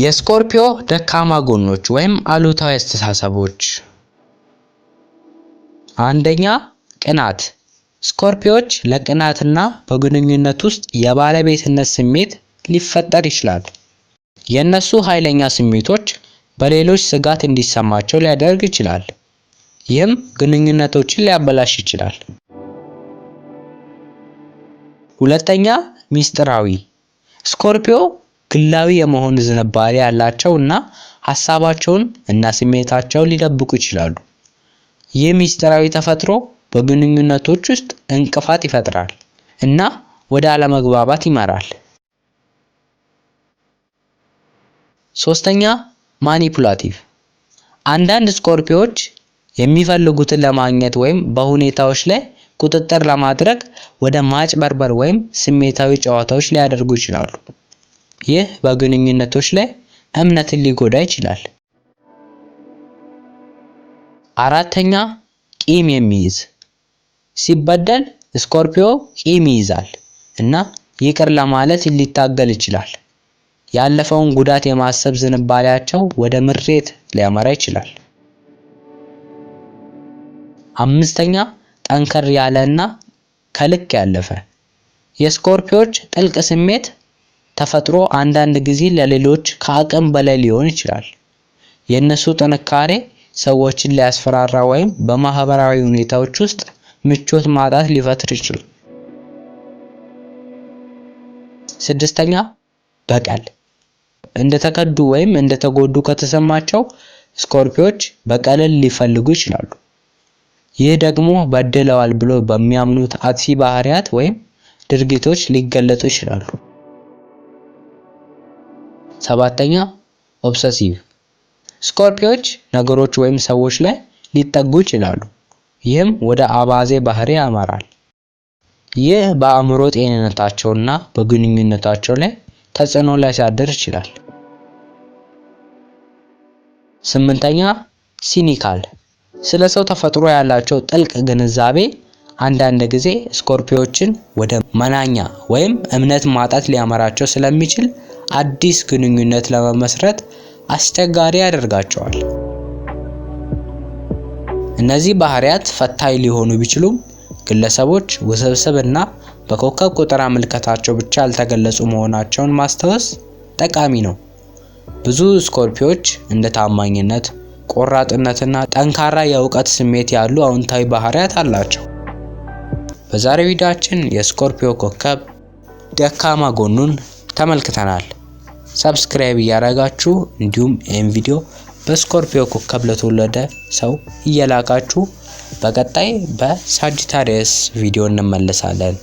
የስኮርፒዮ ደካማ ጎኖች ወይም አሉታዊ አስተሳሰቦች አንደኛ ቅናት። ስኮርፒዮች ለቅናትና በግንኙነት ውስጥ የባለቤትነት ስሜት ሊፈጠር ይችላል። የእነሱ ኃይለኛ ስሜቶች በሌሎች ስጋት እንዲሰማቸው ሊያደርግ ይችላል። ይህም ግንኙነቶችን ሊያበላሽ ይችላል። ሁለተኛ ሚስጥራዊ ስኮርፒዮ ግላዊ የመሆን ዝንባሌ ያላቸው እና ሀሳባቸውን እና ስሜታቸውን ሊደብቁ ይችላሉ። ይህ ሚስጢራዊ ተፈጥሮ በግንኙነቶች ውስጥ እንቅፋት ይፈጥራል እና ወደ አለመግባባት ይመራል። ሶስተኛ ማኒፑላቲቭ። አንዳንድ ስኮርፒዎች የሚፈልጉትን ለማግኘት ወይም በሁኔታዎች ላይ ቁጥጥር ለማድረግ ወደ ማጭበርበር ወይም ስሜታዊ ጨዋታዎች ሊያደርጉ ይችላሉ። ይህ በግንኙነቶች ላይ እምነትን ሊጎዳ ይችላል። አራተኛ ቂም የሚይዝ ሲበደል ስኮርፒዮ ቂም ይይዛል እና ይቅር ለማለት ሊታገል ይችላል። ያለፈውን ጉዳት የማሰብ ዝንባሌያቸው ወደ ምሬት ሊያመራ ይችላል። አምስተኛ ጠንከር ያለ እና ከልክ ያለፈ የስኮርፒዮች ጥልቅ ስሜት ተፈጥሮ አንዳንድ ጊዜ ለሌሎች ከአቅም በላይ ሊሆን ይችላል። የእነሱ ጥንካሬ ሰዎችን ሊያስፈራራ ወይም በማህበራዊ ሁኔታዎች ውስጥ ምቾት ማጣት ሊፈጥር ይችላል። ስድስተኛ በቀል እንደተከዱ ወይም እንደተጎዱ ከተሰማቸው ስኮርፒዎች በቀልን ሊፈልጉ ይችላሉ። ይህ ደግሞ በድለዋል ብሎ በሚያምኑት አጥፊ ባህሪያት ወይም ድርጊቶች ሊገለጡ ይችላሉ። ሰባተኛ ኦብሰሲቭ ስኮርፒዮች ነገሮች ወይም ሰዎች ላይ ሊጠጉ ይችላሉ። ይህም ወደ አባዜ ባህሪ ያመራል። ይህ በአእምሮ ጤንነታቸውና በግንኙነታቸው ላይ ተጽዕኖ ሊያሳድር ይችላል። ስምንተኛ ሲኒካል፣ ስለ ሰው ተፈጥሮ ያላቸው ጥልቅ ግንዛቤ አንዳንድ ጊዜ ስኮርፒዎችን ወደ መናኛ ወይም እምነት ማጣት ሊያመራቸው ስለሚችል አዲስ ግንኙነት ለመመስረት አስቸጋሪ ያደርጋቸዋል። እነዚህ ባህሪያት ፈታኝ ሊሆኑ ቢችሉም ግለሰቦች ውስብስብና በኮከብ ቁጥር ምልከታቸው ብቻ ያልተገለጹ መሆናቸውን ማስታወስ ጠቃሚ ነው። ብዙ ስኮርፒዎች እንደ ታማኝነት፣ ቆራጥነትና ጠንካራ የእውቀት ስሜት ያሉ አውንታዊ ባህሪያት አላቸው። በዛሬው ቪዲዮአችን የስኮርፒዮ ኮከብ ደካማ ጎኑን ተመልክተናል። ሰብስክራይብ እያረጋችሁ እንዲሁም ይህን ቪዲዮ በስኮርፒዮ ኮከብ ለተወለደ ሰው እየላካችሁ በቀጣይ በሳጅታሪየስ ቪዲዮ እንመለሳለን።